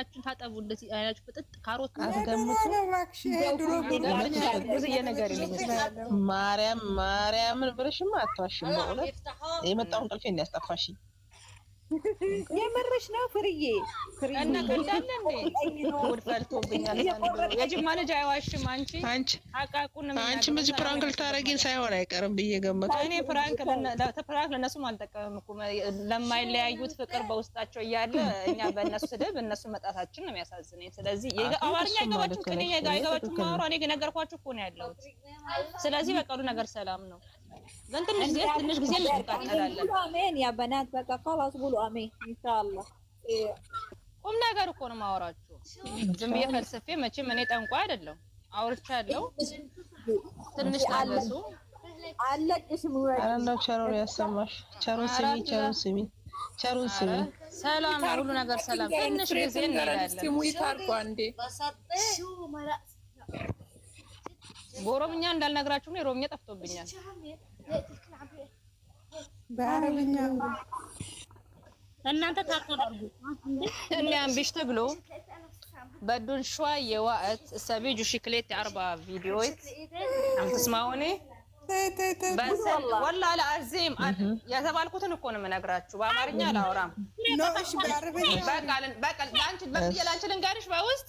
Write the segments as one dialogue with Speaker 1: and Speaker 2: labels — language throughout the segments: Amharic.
Speaker 1: አይናችሁን ታጠቡ። እንደዚህ አይናችሁ ፍጥጥ ካሮት ማርያም ማርያምን ብለሽማ አትዋሽም። በእውነት የመጣውን እንቅልፌን ያስጠፋሽኝ
Speaker 2: የምርሽ ነው ፍርዬ?
Speaker 1: እናቀልዳለን ውድ ፈልቶብኛል። የጅማ ልጅ አይዋሽም። አንቺ አንቺ
Speaker 3: እዚህ ፕራንክ ልታረጊን ሳይሆን አይቀርም ብዬ ገመትኩ።
Speaker 1: እኔ ፕራንክ ለእነሱም አልጠቀምም እኮ ለማይለያዩት ፍቅር በውስጣቸው እያለ እኛ በእነሱ ስድብ እነሱ መጣታችን ነው የሚያሳዝነኝ። ስለዚህ አማርኛ አይገባችሁም፣ አይገባችሁም እኔ ነገርኳችሁ እኮ ነው ያለሁት። ስለዚህ በቀሉ ነገር ሰላም ነው በትንሽ ጊዜ ትንሽ ጊዜ
Speaker 2: እንቃጠላለን። አሜን ያ በናት በቃ ካላስ ብሎ አሜን ኢንሻአላህ።
Speaker 1: ቁም ነገር እኮ ነው የማወራችሁ፣ ዝም ብዬ ፈልስፌ መቼም እኔ ጠንቋ አይደለም። አውርቻለሁ ትንሽ ታገሱ።
Speaker 4: አለቅሽም ቸሮን ያሰማሽ። ቸሮን ስሚ፣ ቸሮን ስሚ፣ ቸሮን ስሚ።
Speaker 1: ሰላም ሁሉ ነገር ሰላም። ትንሽ ጊዜ
Speaker 4: እንላለን። ስሙ
Speaker 1: እንዳልነግራችሁ ነው። የኦሮምኛ ጠፍቶብኛል። በአረብኛ እናንተ ታቆዳሉ እንዴ ተብሎ بدون شوية وقت سبيجوا شكليتي أربع فيديوهات عم تسمعوني؟ بس والله على عزيم የተባልኩትን እኮ ነው የምነግራችሁ። በአማርኛ አላወራም። በቃ ለአንቺ በቃ ለአንቺ ልንገርሽ በውስጥ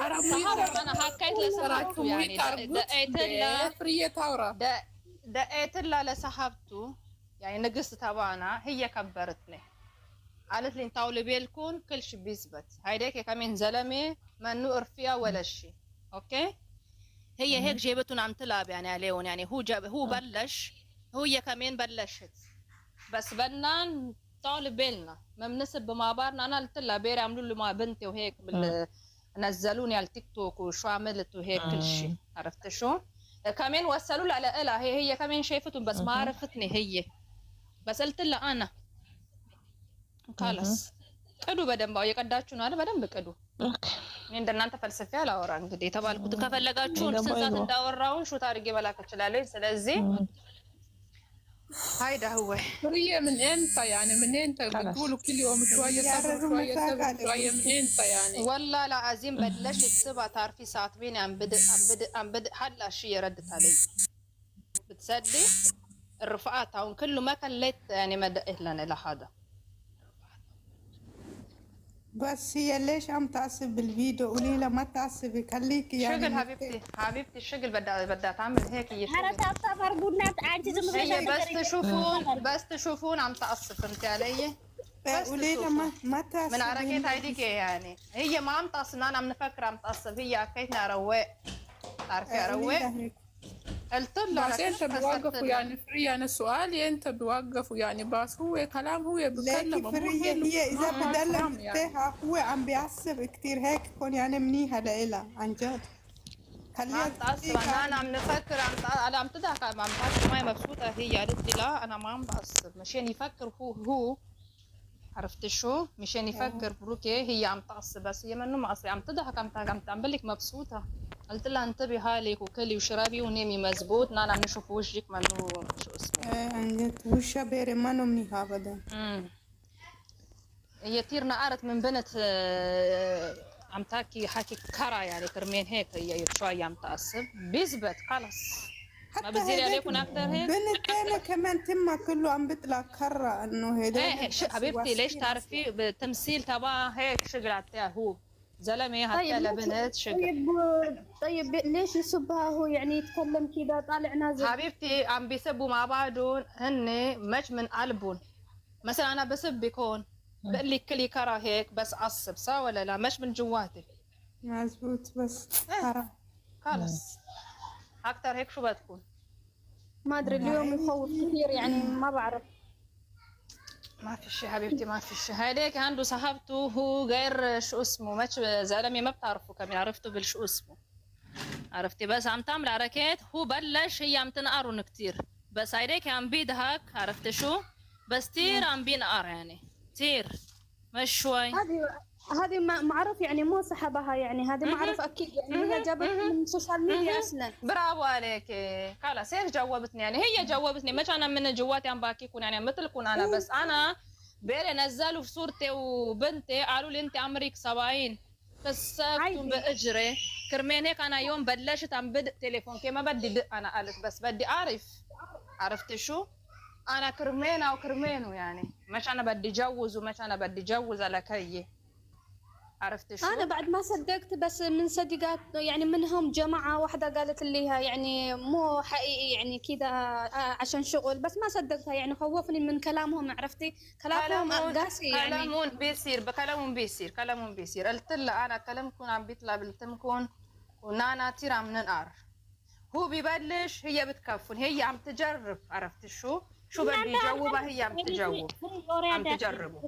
Speaker 1: انا هكايت لصاحبته دقيت لها لصاحبته يعني نقصت تبعنا هي كبرتني قالت لي طاولي بالكم كل شيء بيثبت هيداك كمان زلمه ما نقر ولا شيء اوكي هي هيك جابتهم عم تلعب يعني عليهم يعني هو هو بلش هي كمان بلشت بس بدنا بالنا ما بنسب انا قلت لها بيري عملوا لي مع بنتي وهيك نزلوني على التيك توك وشو عملت وهيك كل شيء عرفت شو كمان وصلوا لها لها هي هي كمان شافتهم بس ما عرفتني هي بس قلت لها انا خلص ቅዱ በደንብ አው የቀዳችሁ ነው አይደል? በደንብ ቅዱ። እኔ እንደናንተ ፍልስፍና አላወራ እንግዲህ የተባልኩት ከፈለጋችሁ ስንት ሰዓት እንዳወራውን ሹት አድርጌ መላክ እችላለሁ። ስለዚህ هيدا هو
Speaker 2: حرية من امتى يعني من امتى بتقولوا كل يوم شوية صبر شوية صبر شوية من امتى يعني
Speaker 1: والله العظيم بلشت تبقى تعرفي ساعة مين عم بدق عم بدق عم بدق هلا شي ردت علي بتصدق الرفقات هون كله ما كلت يعني ما دقت لنا لحدا
Speaker 2: بس هي ليش عم تعصب بالفيديو قولي لها ما تعصبي خليكي يعني
Speaker 1: شغل حبيبتي حبيبتي الشغل بدها بدها تعمل هيك هي
Speaker 2: شغل تعصب
Speaker 1: هي بس تشوفون أه. بس تشوفون عم تعصب فهمتي علي؟
Speaker 2: إيه، قولي لها ما ما تعصب من
Speaker 1: حركات هيديك يعني هي ما عم تعصب انا عم نفكر عم تعصب هي عكيتنا رواق تعرفي إيه، رواق قلت له
Speaker 4: بس انت بوقفه يعني فري انا يعني سؤالي انت بوقفه يعني بس هو كلام هو بيتكلم
Speaker 2: فريا هي اذا بدلها فيها يعني. هو عم بيعصب كثير هيك كون يعني منيحه لإلها عن جد
Speaker 1: خليها تعصب انا عم نفكر عم انا عم تضحك عم تعصب معي مبسوطه هي قالت لي لا انا ما عم بعصب مشان يفكر هو هو عرفت شو مشان يفكر آه. بروكي هي عم تعصب بس هي منو معصبه عم تضحك عم تعمل لك مبسوطه قلت لها انتبهي هالك وكلي وشربي ونامي مزبوط نانا نشوف وجهك ما شو
Speaker 2: اسمه ايه عندك وشها بيري ما نمنيها ابدا
Speaker 1: هي كثير نقرت من بنت آه، آه، عم تحكي حكي كرا يعني كرمين هيك هي شوي عم تقصب بيثبت خلص حتى ما بزير عليك ونقدر هيك
Speaker 2: بنت انا كمان تمها كله عم بيطلع كرا انه هيدا
Speaker 1: ايه, إيه، حبيبتي ليش تعرفي بالتمثيل تبعها هيك شغل عطيها هو زلمه هكا طيب لبنات شكرا طيب
Speaker 2: طيب ليش يسبها هو يعني يتكلم كذا طالع نازل
Speaker 1: حبيبتي عم بيسبوا مع بعضهم هن مش من قلبهم مثلا انا بسبك هون بقول لك كلي كره هيك بس عصب صح ولا لا مش من جواتي
Speaker 2: مزبوط بس إيه،
Speaker 1: خلص اكثر هيك شو بدكم
Speaker 2: ما ادري اليوم يخوف كثير يعني ما بعرف
Speaker 1: ما في شي حبيبتي ما في شي هذاك عنده صاحبته هو غير شو اسمه ما زلمه ما بتعرفه كمان عرفته بالشو اسمه عرفتي بس عم تعمل حركات هو بلش هي عم تنقرن كتير بس هيداك عم بيدهك عرفتي شو بس كثير عم بينقر يعني كثير مش شوي
Speaker 2: هذه معرف يعني مو سحبها يعني هذه معروف اكيد يعني هي جابت من السوشيال ميديا اصلا
Speaker 1: برافو عليك خلاص هي جاوبتني يعني هي جاوبتني ما انا من جواتي عم باكي كون يعني, يعني مثلكم انا بس انا بيري نزلوا في صورتي وبنتي قالوا لي انت عمرك 70 قصتهم باجري كرمين هيك انا يوم بلشت عم بدق تليفون كي ما بدي دق انا قالت بس بدي اعرف عرفتي شو؟ انا كرمينه وكرمينه يعني مش انا بدي جوز ومش انا بدي جوز على كيي عرفت شو؟
Speaker 2: انا بعد ما صدقت بس من صديقات يعني منهم جماعه واحده قالت لي يعني مو حقيقي يعني كذا آه، عشان شغل بس ما صدقتها يعني خوفني من كلامهم عرفتي كلامهم قاسي يعني
Speaker 1: كلامهم بيصير كلامهم بيصير كلامهم بيصير قلت لها انا كلامكم عم بيطلع بلتمكم ونانا تير من النار هو ببلش هي بتكفن هي عم تجرب عرفت شو شو بدي جاوبها هي عم تجاوب عم تجربه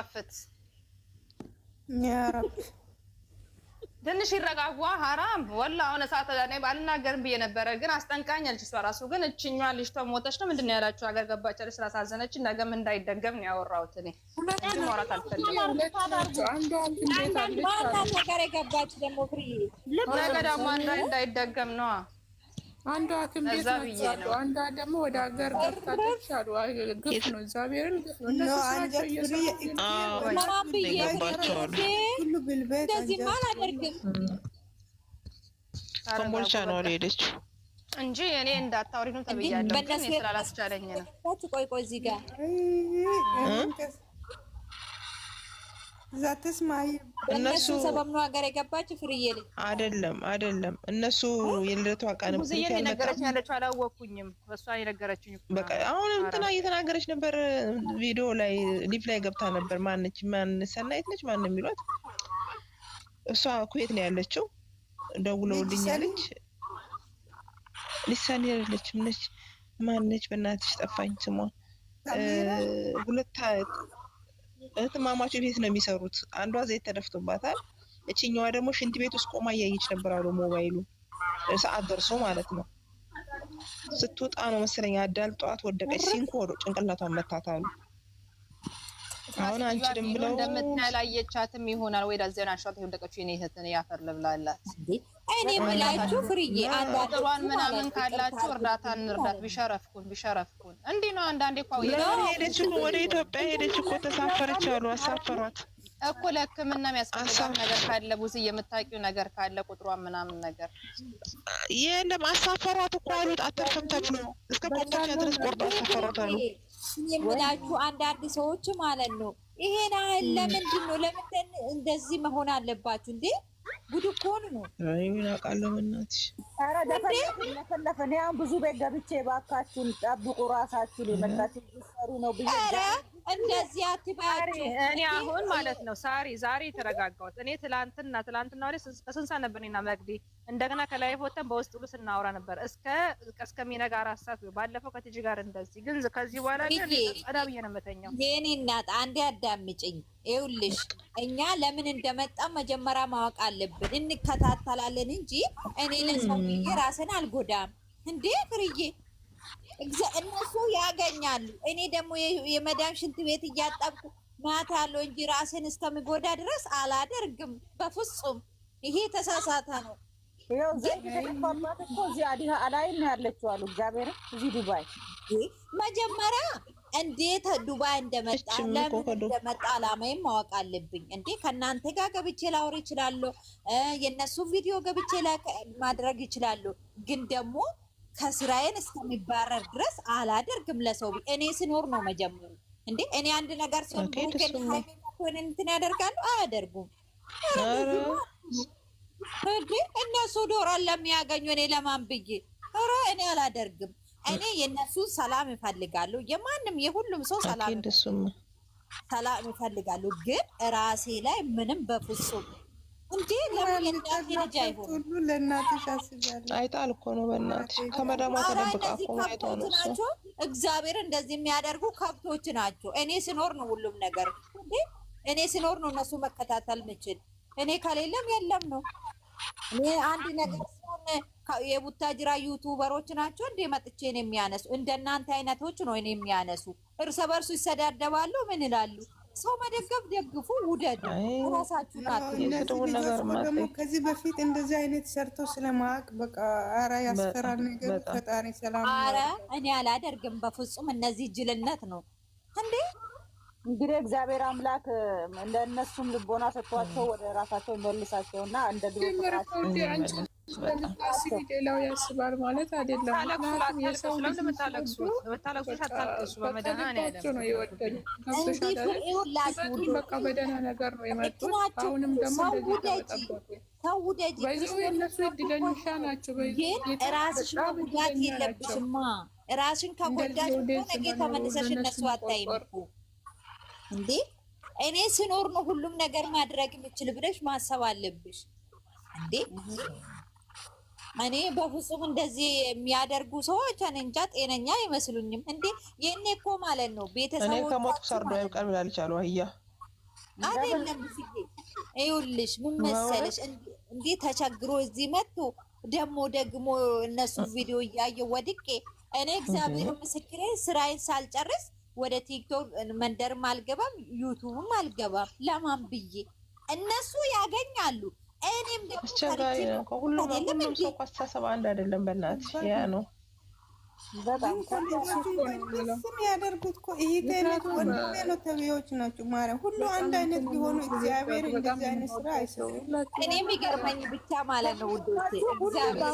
Speaker 1: አፍት ትንሽ ይረጋጉ። ሀራም ወላ አሁን ሰዓት ላይ ባልናገርም ብዬ ነበረ፣ ግን አስጠንቃኝ አለች። እሷ ራሱ ግን እችኛ ልጅቷ ሞተች ነው ምንድን ነው ያላችሁ? ሀገር ገባች አለች ስላሳዘነች፣ ነገም እንዳይደገም ነው ያወራሁት። እኔ
Speaker 2: ማውራት አልፈልግም። ነገ
Speaker 1: ደግሞ እንዳይደገም ነዋ
Speaker 2: አንዷ ሐኪም ቤት ናቸው። አንዷ ደግሞ ወደ ሀገር ገብታለች አሉ። ግፍ ነው፣ እግዚአብሔርን ግፍ ነው። እንደዚህማ
Speaker 3: አላደርግም። ኮምቦልቻ ነው ሄደች
Speaker 1: እንጂ እኔ እንዳታወሪ ነው ተብያለሁ። ስላላስቻለኝ ነው።
Speaker 2: ቆይ ቆይ እዚህ ጋር እነሱ ሰበብ ነው ሀገር የገባች ፍርዬ ልጅ
Speaker 3: አይደለም አይደለም። እነሱ የልደቷ
Speaker 1: ቀን ነገረችኝ ያለችው አላወኩኝም። እሷ የነገረችኝ
Speaker 3: በቃ አሁን እንትና እየተናገረች ነበር። ቪዲዮ ላይ ሊቭ ላይ ገብታ ነበር። ማነች ማን ሰናይት ነች ማን የሚሏት እሷ ኩዌት ነው ያለችው። ደውለውልኛለች። ሊሳን ያለችም ነች ማነች፣ በእናትሽ ጠፋኝ ስሟ ሁለት እህትማማች ቤት ነው የሚሰሩት። አንዷ ዘይት ተደፍቶባታል፣ እችኛዋ ደግሞ ሽንት ቤት ውስጥ ቆማ እያየች ነበር አሉ ሞባይሉ ሰዓት ደርሶ ማለት ነው። ስትወጣ ነው መሰለኝ አዳል ጠዋት ወደቀች፣ ሲንኮ ወደ ጭንቅላቷን መታታሉ። አሁን አንችልም
Speaker 1: ብለው እንደምታላየቻትም ይሆናል ወይ ዳዜና አሻት የወደቀችው የኔ እህትን ያፈር ልብላላት
Speaker 2: እኔ ምላችሁ ፍርዬ
Speaker 1: ቁጥሯን ምናምን ካላችሁ እርዳታ እንርዳት። ቢሸረፍኩን ቢሸረፍኩን እንዲህ ነው። አንዳንዴ እኮ
Speaker 3: ሄደች ወደ ኢትዮጵያ ሄደች እኮ ተሳፈረች አሉ አሳፈሯት
Speaker 1: እኮ ለሕክምና የሚያስፈልጋት ነገር ካለ ቡዝ የምታውቂው ነገር ካለ ቁጥሯን ምናምን ነገር
Speaker 3: የለም አሳፈሯት እኮ አሉት። አተርፈምታች ነው እስከ ቆርጦቻ ድረስ ቆርጦ አሳፈሯት አሉ።
Speaker 2: የምላችሁ አንዳንድ ሰዎች ማለት ነው። ይሄን አህል ለምንድን ነው ለምንድን እንደዚህ መሆን አለባችሁ እንዴ? ጉድ እኮ ነው።
Speaker 3: ምን አውቃለሁ በእናትሽ።
Speaker 2: ኧረ ደፈለፈ እኔ አሁን ብዙ ቤት ገብቼ እባካችሁን ጠብቁ ራሳችሁን የመጣችሁ ሰሩ ነው ብዬ እንደዚህ አትበያቸው።
Speaker 1: እኔ አሁን ማለት ነው ሳሪ ዛሬ የተረጋጋሁት እኔ ትላንትና ትላንትና ወደ ስንት ሰዓት ነበር እኔና መግቢ እንደገና ከላይ ወተን በውስጥ ሁሉ ስናወራ ነበር እስከ እስከሚነጋ አራት ሰዓት ባለፈው ከቲጂ ጋር እንደዚህ። ግን ከዚህ በኋላ ጸዳ ብዬ ነው የምተኛው።
Speaker 2: የኔ እናት አንዴ አዳምጪኝ። ይኸውልሽ እኛ ለምን እንደመጣ መጀመሪያ ማወቅ አለብን። እንከታተላለን እንጂ እኔ ለሰውዬ ራስን አልጎዳም እንዴ ፍርዬ እነሱ ያገኛሉ። እኔ ደግሞ የመዳም ሽንት ቤት እያጠብኩ ማታ ያለው እንጂ ራሴን እስከሚጎዳ ድረስ አላደርግም በፍጹም። ይሄ ተሳሳተ ነው።
Speaker 1: እዚህ አላይ ነው ያለችው አሉ እግዚአብሔር። እዚህ ዱባይ
Speaker 2: መጀመሪያ እንዴት ዱባይ እንደመጣ ለምን እንደመጣ አላማዬም ማወቅ አለብኝ። እንዴ ከእናንተ ጋር ገብቼ ላውር ይችላሉ፣ የእነሱን ቪዲዮ ገብቼ ማድረግ ይችላሉ። ግን ደግሞ ከስራዬን እስከሚባረር ድረስ አላደርግም። ለሰው እኔ ስኖር ነው መጀመሩ እንዴ እኔ አንድ ነገር ሲሆን እንትን ያደርጋሉ አያደርጉም። እነሱ ዶራን ለሚያገኙ እኔ ለማን ብዬ ኧረ እኔ አላደርግም። እኔ የነሱ ሰላም ይፈልጋሉ። የማንም የሁሉም ሰው ሰላም ሰላም ይፈልጋሉ። ግን ራሴ ላይ ምንም በፍጹም እንዴ ሁሉ ለእናትሽ አስቢያለሁ።
Speaker 3: አይጣል እኮ ነው በእናትሽ ከመዳሟ ተደብቃ እኮ ማየቷ ነው እሱ። እግዚአብሔር እንደዚህ የሚያደርጉ ከብቶች ናቸው። እኔ ስኖር ነው ሁሉም ነገር እንዴ እኔ ስኖር ነው እነሱ መከታተል ምችል እኔ ከሌለም የለም ነው። እኔ አንድ ነገር ሲሆን የቡታጅራ ዩቱበሮች ናቸው እንዴ መጥቼን የሚያነሱ እንደናንተ አይነቶች ነው እኔ የሚያነሱ እርስ በርሱ ይሰዳደባሉ። ምን ይላሉ? ሰው መደገፍ ደግፉ፣ ውደዱ። ራሳችሁ ደግሞ ከዚህ በፊት እንደዚህ አይነት ሰርቶ ስለማቅ በቃ ኧረ ያስፈራል ነገር ፈጣሪ ሰላም። ኧረ እኔ አላደርግም በፍጹም። እነዚህ ጅልነት ነው እንዴ! እንግዲህ እግዚአብሔር አምላክ እንደ እነሱም ልቦና ሰጥቷቸው ወደ ራሳቸው ይመልሳቸውና እንደ ሌላው ያስባል ማለት አይደለም። በቃ በደህና ነገር ነው የመጡት። አሁንም ደግሞ ናቸው። ራስሽ መጉዳት የለብሽማ። ራስሽን ከጎዳሽ ነገ ተመልሰሽ እነሱ አታይም እኮ እንዴ። እኔ ስኖር ነው ሁሉም ነገር ማድረግ የምችል ብለሽ ማሰብ አለብሽ እንዴ እኔ በፍጹም እንደዚህ የሚያደርጉ ሰዎች እንጃ ጤነኛ አይመስሉኝም። እንዴ የእኔ እኮ ማለት ነው ቤተሰቦ ከሞትኩ ሰርዶ አይብቀል ብላለች አሉ አይደለም ብስጌ ይኸውልሽ፣ ምን መሰለሽ እንዲህ ተቸግሮ እዚህ መጥቶ ደግሞ ደግሞ እነሱ ቪዲዮ እያየሁ ወድቄ እኔ እግዚአብሔር ምስክሬ ስራዬን ሳልጨርስ ወደ ቲክቶክ መንደርም አልገባም ዩቱብም አልገባም። ለማን ብዬ እነሱ ያገኛሉ አስቸጋሪ ነው። ከሁሉም ሁሉም ሰው አስተሳሰብ አንድ አይደለም። በእናትሽ ያ ነው በጣም ያደርጉት እኮ ይሄነት ወንድሜ ተብዬዎች ናቸው። ማርያም ሁሉ አንድ አይነት ቢሆኑ እግዚአብሔር እንደዚህ አይነት ስራ አይሰሩም። እኔም ይገርመኝ ብቻ ማለት ነው ውዶቼ እግዚአብሔር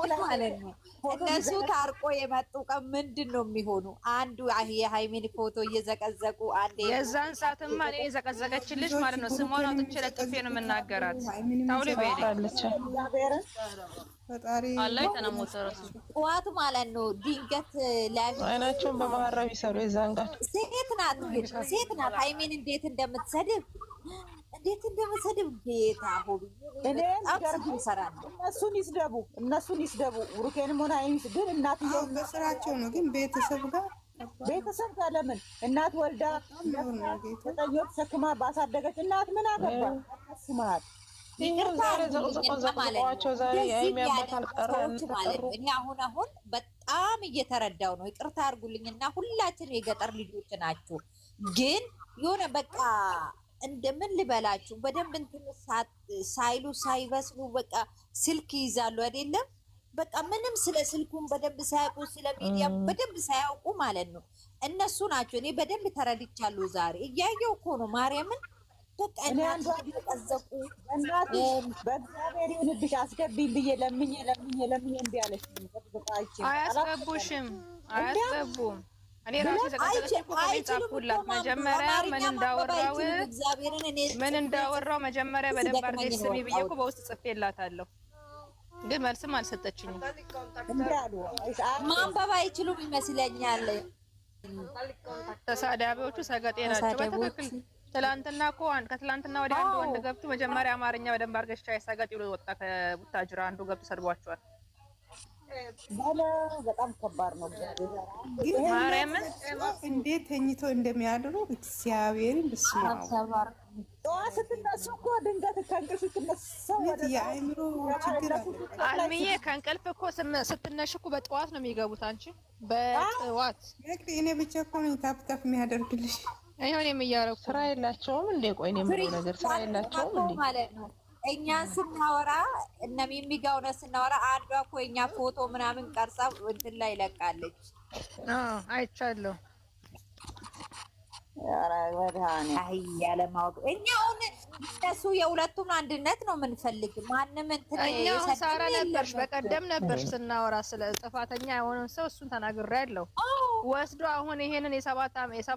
Speaker 3: አሁን ማለት ነው እነሱ ታርቆ የመጡ ቀን ምንድን ነው የሚሆኑ? አንዱ የሀይሜን ፎቶ እየዘቀዘቁ አንዴ የዛን ሰዓትማ እኔ የዘቀዘቀች ልጅ ማለት ነው ስሟን አውጥቼ ለጥፌ ነው የምናገራት። ታውል አላይ ተነሞተረሱ ጠዋት ማለት ነው ድንገት ላይ አይናቸውን በመሀረብ ይሰሩ የዛን ጋር ሴት ናት፣ ሴት ናት። ሀይሜን እንዴት እንደምትሰድብ እንዴት እንደምሰድብ ጌታ እነሱን ይስደቡ፣ እነሱን ይስደቡ። ሩኬንም ሆነ ግን እናትየው በስራቸው ነው። ግን ቤተሰብ ጋር ቤተሰብ ጋር ለምን እናት ወልዳ ዘጠኝ ወር ተሸክማ ባሳደገች እናት ምን አገባ ስማት እኔ አሁን አሁን በጣም እየተረዳው ነው። ይቅርታ አድርጉልኝና ሁላችን የገጠር ልጆች ናችሁ። ግን የሆነ በቃ እንደምን ልበላችሁ በደንብ እንትን ሳይሉ ሳይበስሉ በቃ ስልክ ይይዛሉ አይደለም። በቃ ምንም ስለ ስልኩን በደንብ ሳያውቁ ስለ ሚዲያ በደንብ ሳያውቁ ማለት ነው እነሱ ናቸው። እኔ በደንብ ተረድቻለሁ። ዛሬ እያየው እኮ ነው ማርያምን። በቃ እናዘቁ በእግዚአብሔር ይሁንብሽ አስገቢኝ ብዬ ለምኜ ለምኜ ለምኜ እምቢ አለች። አያስገቡሽም፣ አያስገቡም እኔ ራሴ ተቀበለችኩላት መጀመሪያ ምን እንዳወራው ምን እንዳወራው መጀመሪያ በደንብ አድርጌ ስሚ ብዬሽ እኮ በውስጥ ጽፌላታለሁ፣ ግን መልስም አልሰጠችኝም። ማንበብ አይችሉም ይመስለኛል ተሳዳቢዎቹ፣ ሰገጤ ናቸው በትክክል። ትላንትና እኮ ከትላንትና ወዲያ አንድ ወንድ ገብቶ መጀመሪያ አማርኛ በደንብ አድርገሽ ሰገጤ ብሎ ወጣ። ከቡታጅራ አንዱ ገብቶ ሰድቧቸዋል። በጣም ከባድ ነው። ማርያምን እንዴት ተኝቶ እንደሚያድሩ እግዚአብሔርን ብስማጠዋት ስትነሱ እኮ ድንገት ከእንቅልፍ ስትነሳ የአእምሮ ችግር አልምዬ ከእንቅልፍ እኮ ስትነሽ እኮ በጠዋት ነው የሚገቡት። አንቺ በጠዋት እኔ ብቻ እኮ ነኝ ታፍታፍ የሚያደርግልሽ ይሆን የሚያረጉ ስራ የላቸውም እንዴ? ቆይ ነው የምለው ነገር ስራ የላቸውም እንዴ? እኛ ስናወራ እነ ሚሚ ስናወራ አንዷ እኮ የኛ ፎቶ ምናምን ቀርጻ እንትን ላይ ለቃለች። አይቻለሁ። ያለማወቅ እኛ አሁን እነሱ አንድነት ነው የምንፈልግ። ማንም እንትን ሳራ ነበርሽ፣ በቀደም ነበርሽ ስናወራ ስለ ጥፋተኛ የሆነን ሰው እሱን ተናግሬያለሁ። ወስዶ አሁን ይሄንን የሰባት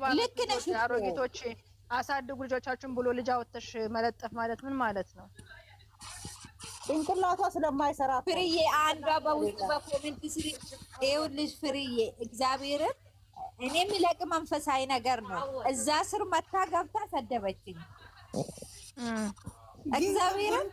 Speaker 3: አሮጊቶች አሳድጉ ልጆቻችሁን ብሎ ልጅ አውጥተሽ መለጠፍ ማለት ምን ማለት ነው? ጭንቅላቷ ስለማይሰራ ፍርዬ አንዷ በውጭ በኮሜንት ስሪ ይው ልጅ ፍርዬ እግዚአብሔርን እኔ የሚለቅ መንፈሳዊ ነገር ነው። እዛ ስር መታ ገብታ ሰደበችኝ እግዚአብሔርን